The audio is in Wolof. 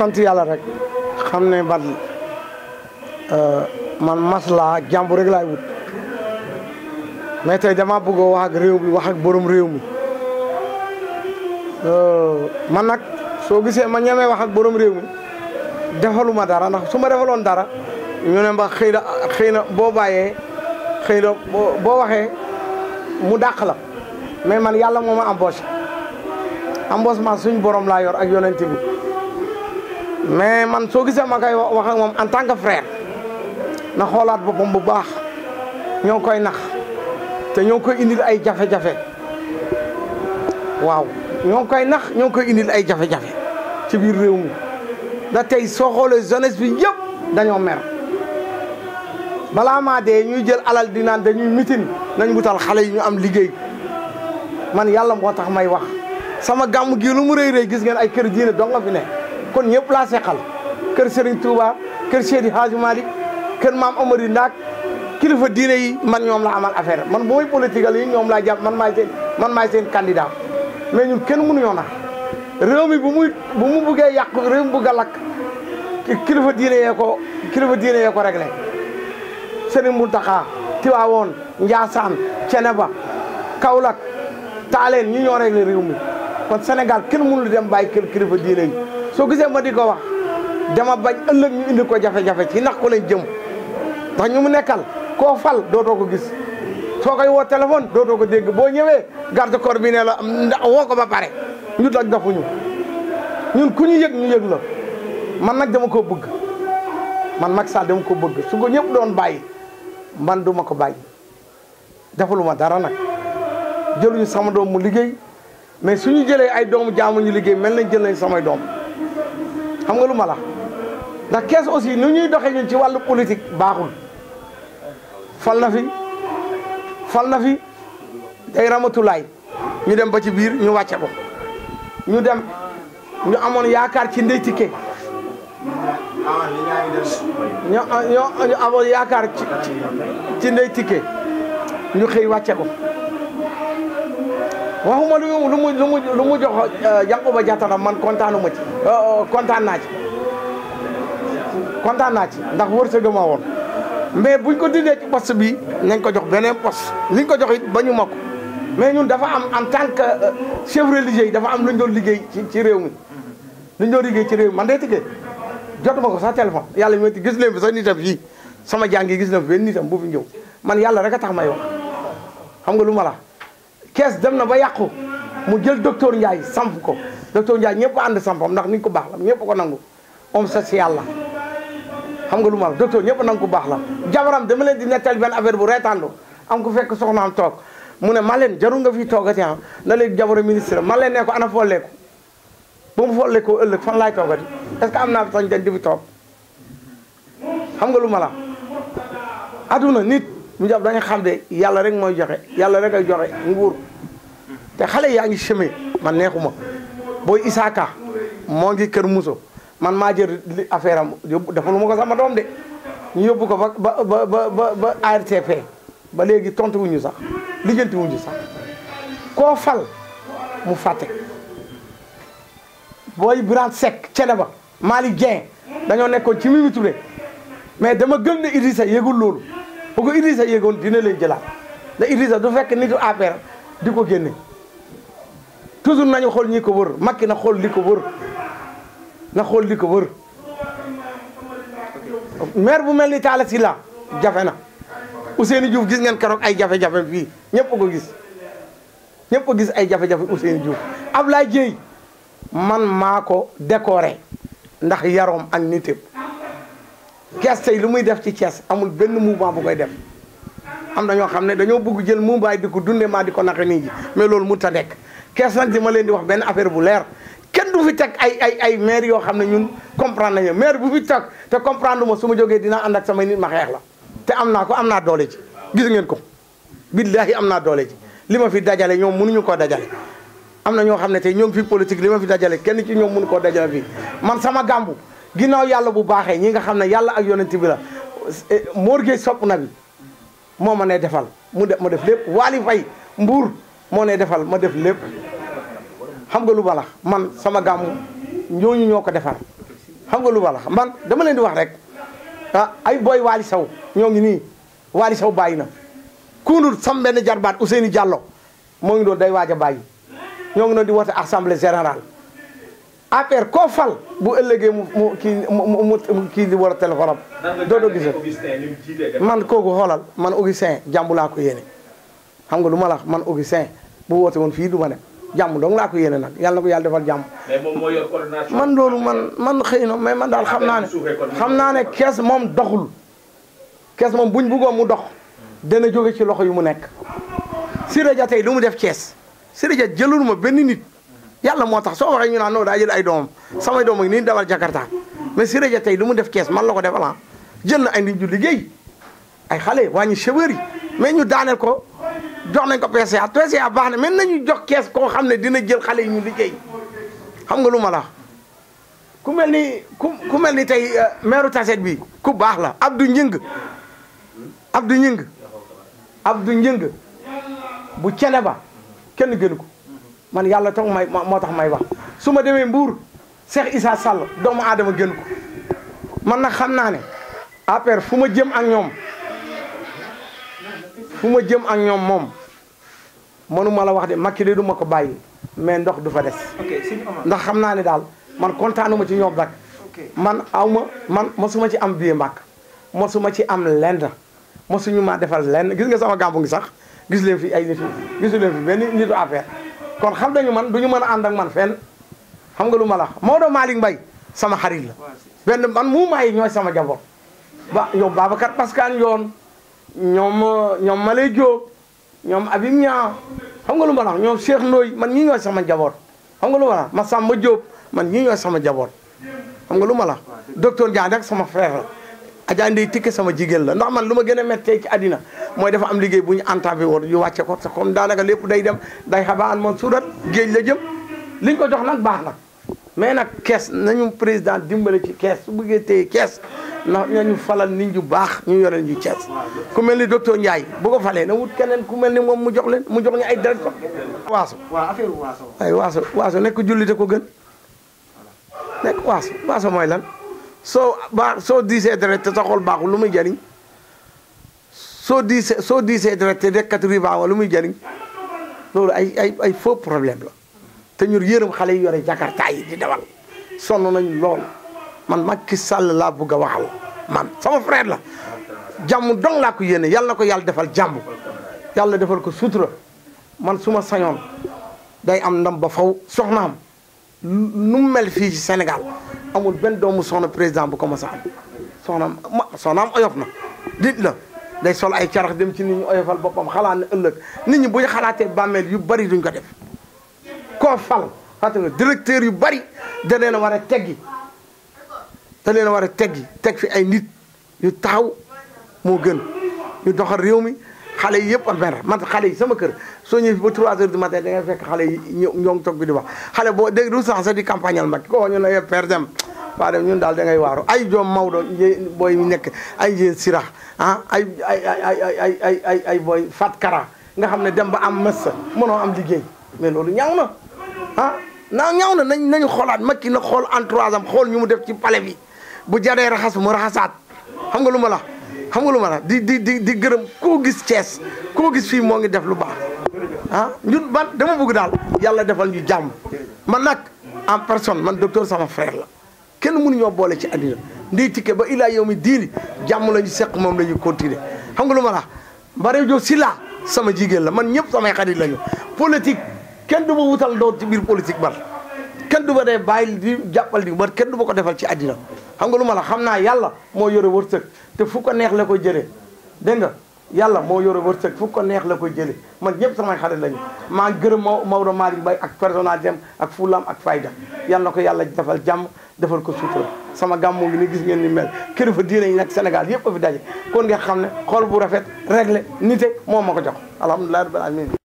sant yalla rek xamne bal euh man masla jambu rek lay wut may tay dama bëgg wax ak rew mi wax ak borom rew mi euh, man nak so gisee ma ñame wax ak borom rew mi defaluma dara nak suma defalon dara ñu ne ma xeyna xeyna bo baye xeyna bo waxe mu dakk la mais man am boss am boss ma suñ borom la yor ak yonent mais man soo gisee ma koy wax ak moom en tant que frère na xoolaat boppam bu baax ñoo koy nax te ñoo koy indil ay jafe-jafe waaw ñoo koy nax ñoo koy indil ay jafe-jafe ci biir réew mi da tey soo xoolee jeunesse bi yëpp dañoo mer balaa maa dee ñuy jël alal di naan dañuy mitin nañ wutal xale yi ñu am liggéey man yàlla moo tax may wax sama gàmm gii lu mu rëy rëy gis ngeen ay kër diine dong nga fi ne kon ñepp la sékkal kër Serigne Touba kër Seydi Hadji malik kër mam omar ndak kilifa diiné yi man ñom la amal affaire man bu may politique yi ñom la japp man may seen man may seen candidat mais ñun kenn mënu ñona réew mi bu muy bu mu bëggé yaq réew bu galak kilifa diiné yee ko kilifa diiné yee ko réglé Serigne tiwa won kaulak talen ñu ñoo réglé réew mi kon Sénégal kenn mënu dem bay kër kilifa diiné soo gisee ma di ko wax dama bañ ëlëk ñu indi ko jafé jafé ci nak ko lañ jëm ndax ñu mu nekkal ko fal dootoo ko gis soo koy téléphone dootoo ko dégg bo ñëwé garde corps bi né la mm, wo ko ba pare ñu dafu ñu ñun ku ñu yëg ñu yëg la man nak dama ko bëgg man mak sal dama ko bëgg su ko ñëpp doon bayyi man duma ko bàyyi defaluma dara nak jëluñu sama doom mu liggéey mais suñu jëlé ay doomu jaamu ñu liggéey mel nañ jël nañ samay doom xam nga lu ma la ndax kees aussi nu ñuy doxee ñun ci wàllu politique baaxul fal na fi fal na fi day ramatulaay ñu dem ba ci biir ñu wàcce ko ñu dem ñu amoon yaakaar ci ndey tikke ñoo ñu amoon yaakaar ci ci ndey tikke ñu xëy wàcce ko waxuma lu mu lu mu lu mu jox euh, Yankuba Diattara man kontaanuma ci euh, euh, kontaan naa ci kontaan naa ci ndax sa ma woon mais buñ ko dindee ci poste bi nañ ko jox beneen poste liñ ko jox ba ñu ma ko mais ñun dafa am en tant que chef religieux dafa am lu ñu doon liggéey ci ci réew mi lu ñu liggéey ci réew mi man day jot jotuma ko sax téléphone yàlla ñu ti gis leen fi sax nitam fii sama jàng yi gis na fi benn nitam bu ñëw man yàlla rek a tax may wax xam nga lu ma la kees dem na ba yàqu mu jël docteur Ndiaye samp ko docteur Ndiaye ñëpp ànd sampam ndax nit ko baax la ñëpp ko nangu om social la xam nga lu ma wax docteur ñëpp nangu ko baax la jabaram dama leen di nettali benn affaire bu reetaandu am ku fekk soxnaam toog mu ne ma leen jarul nga fi toogati ah na léegi jabaru ministre ma leen ne ko ana folleeku ba mu folleekoo ëllëg fan laay toogati est-ce que am naa sañ dañ di fi toog xam nga lu ma la aduna ñu def dañu xam de yàlla rek mooy joxe yàlla rek ay joxe nguur te xale yaa ngi chemin man neexuma booy Isaaka moo ngi kër Muso man maa jël affaire am yóbbu defalu ma ko sama doom de ñu yóbbu ko ba ba ba ba ARTP ba léegi tontu wuñu sax lijjanti wuñu sax koo fal mu fàtte booy Birane Seck cene ba Malick Dieng dañoo nekkoon ci Mimi Touré mais dama gëm ne Idrissa yëgul loolu bu ko Idrissa yéegoon dina leen jëlaat da Idrissa du fekk nitu APR di ko génne toujours nañu xool ñi ko wër makki na xool li ko wër na xool li ko wër maire bu mel ni Talla Sylla jafe na Ousseynou Diouf gis ngeen keroog ay jafe-jafe fii ñëpp ko gis ñëpp gis ay jafe-jafe Ousseynou Diouf Ablaye Dieye man maa ko décoré ndax yaroom ak nitéem Thiès tey lu muy def ci kees amul benn mouvement bu koy def am na ñoo xam ne dañoo bëgg jël mumbaay di ko dunde maa di ko naxe nii ñi mais loolu mun ta nekk Thiès nag di ma leen di wax benn affaire bu leer kenn du fi teg ay ay ay yoo xam ne ñun comprendre nañu maire bu fi teg te comprendre ma su ma jógee dina ànd ak samay nit ma xeex la te am naa ko am naa doole ji gis ngeen ko billaahi am naa doole ji li ma fi dajale ñoom mënuñu koo dajale am na ñoo xam ne tey ñoom fi politique li ma fi dajale kenn ci ñoom mënu koo dajale fii man sama gàmbu ginaaw yalla bu baxé ñi nga xamné yalla ak yonent bi la eh, Mor Gueye sopp na ma defal mu def ma def lepp wali fay Mbour mo né defal ma def lepp xam nga lu balax man sama gamu ñooñu ñoo ko defar xam nga lu balax man dama leen di wax rek ah, ay boy wali saw ñoo ngi ni wali saw bayina na sam ben jarbat ousseyni Diallo mo ngi do day waja bayyi ñoo ngi doon di wote assemblée générale APR koo fal bu ëllëgee mu mu kii mu mu kii di war a téléphone man kooku xoolal man Augustin jàmm laa ko yéene. xam nga lu ma la wax man Augustin bu woote woon fii du ma dem jàmm dong laa ko yéene nag yàlla na ko yàlla defal jàmm. moom moo yor man loolu man man xëy na mais man daal xam naa ne. xam naa ne kees moom doxul. kees moom buñ bëggoon mu dox. dana jóge ci loxo yu mu nekk. Siré Dia tey lu mu def kees Siré Dia jëlul ma benn nit. yàlla moo tax soo waxee ñu naan non daa jël ay doomam samay doom ak nii dawal jakarta mais si rajo tey lu mu def kees man la ko defal ah jël na ay nit ñu liggéey ay xale wàññi chauffeur yi mais ñu daaneel ko jox nañ ko PCA PCA baax na mën nañu jox kees koo xam ne dina jël xale yi ñu liggéey xam nga lu mala ku mel ni ku mel ni tey euh, meeru taset bi ku baax la du Njëng Abdou Njëng Abdou Njëng bu cene ba kenn gënu ko man yàlla tax may moo tax may wax su ma demee Mbour Cheikh Issa Sall doomu aadama gën ko man na xam naa ne APR fu ma jëm ak ñoom fu ma jëm ak ñoom moom mënuma la wax de Macky de du ma ko bàyyi mais ndox du fa des ndax xam naa ne daal man kontaanuma ci ñoom dak man awma man ma suma ci am biee ma mosuma ci am lenn mosuñu ma defal lenn gis nga sama gàmbu ngi sax gis leen fi ay nit gis leen fi benn nitu APR kon xam nañu man du ñu mën a ànd ak man fen xam nga lu ma la Maodo Malick Mbaye sama xarit la benn man mu maayi ñooy sama jaboot ba yow Babacar Pascal yoon ñoom ñoom Malay Diop ñoom Abib Niang xam nga lu ma ñoom Cheikh Ndoye man ñii ñooy sama jaboot xam nga lu ma la ma Samba man ñii ñooy sama jaboot xam nga lu ma la docteur sama frère Adja Ndeye Tické sama jigéen la ndax man lu ma gën a méttee ci addina mooy dafa am liggéey bu ñu entamé woon ñu wàcce ko te comme daanaka lépp day dem day xabaan moom suurat géej la jëm liñ ko jox nag baax na mais nag kees nañu président dimbale ci kees su bëggee téye kees na ñu falal nit ñu baax ñu yoreen ñu kees ku mel ni docteur Ndiaye bu ko falee na wut keneen ku mel ni moom mu jox leen mu jox ñu ay directeur waaso waaw waaso waaso nekk jullite ko gën nekk waaso waaso mooy lan soo baax soo diisee deret te sa xol baaxul lu muy jariñ soo diisee soo diisee deret te dekkati riba wa lu muy jariñ loolu ay ay ay faux problème la te ñun yërëm xale yi yore jakarta yi di dawal sonn nañ lool man Macky Sall laa bugg a waxal man sama frère la jàmm dong la ko yéene yàlla na ko yàlla defal jàmm yàlla defal ko sutura man suma ma sañoon day am ndam ba faw soxnaam nu mu mel fii ci amul benn doomu soxna président bu ko mos a am soxnaam am oyof na dit la day sol ay carax dem ci nit ñu oyofal boppam xalaat na ëllëg nit ñi bu ñu xalaatee bàmmeel yu bari duñ ko def koo fal fàtte nga directeur yu bari da leen war a teggi da leen a war a teggi teg fi ay nit yu taaw moo gën ñu doxal réew mi xale yi yëpp mer man xale yi sama kër so ñëwee ba 3 heures du matin da ngay fekk xale yi ñoo ngi toog bi di wax xale boo dégg du sax sax di campagnal mag ko ñu ne père dem waa dem ñun daal da ngay waaru ay joom Maodo booy nekk ay yéen sirax ah ay ay ay ay ay ay ay booy fat kara nga xam ne dem ba am mës mënoo am liggéey mais loolu ñaaw na ah naa ñaaw na nañ nañu xoolaat ki na xool entourage am xool ñu mu def ci pale bi bu jaree raxas mu raxasaat xam nga lu ma la xam nga lu ma la di di di di gërëm koo gis Thiès koo gis fii moo ngi def lu baax ah ñun man dama bëgg daal yàlla defal ñu jàmm man nag en personne man docteur sama frère la kenn mënuñoo boole ci àddina ndey tikke ba illaa yow mi diini jàmm la ñu seq moom la ñu continuer xam nga lu ma la joo sila sama jigéen la man ñëpp samay xarit la ñu politique kenn du ma wutal doo ci biir politique man kenn du ma dee bàyyi di jàppal di man kenn du ma ko defal ci àddina xam nga ma la xam naa yàlla moo yore wërsëg te fu ko neex la ko jëlee dégg nga yàlla moo yore wërsëg fu ko neex la ko jëlee man ñëpp samay xarit lañu maa ngi gërëm Maodo Malick bay ak personnalité ak fulam ak fayda yal na ko yàlla defal jàmm defal ko sutura sama gàmmu ngi ni gis ngeen ni mel kilifa diine yi nag Sénégal yëpp a fi daje kon nga xam ne xool bu rafet réglé nite moo ma ko jox alhamdulilah rabbil alamin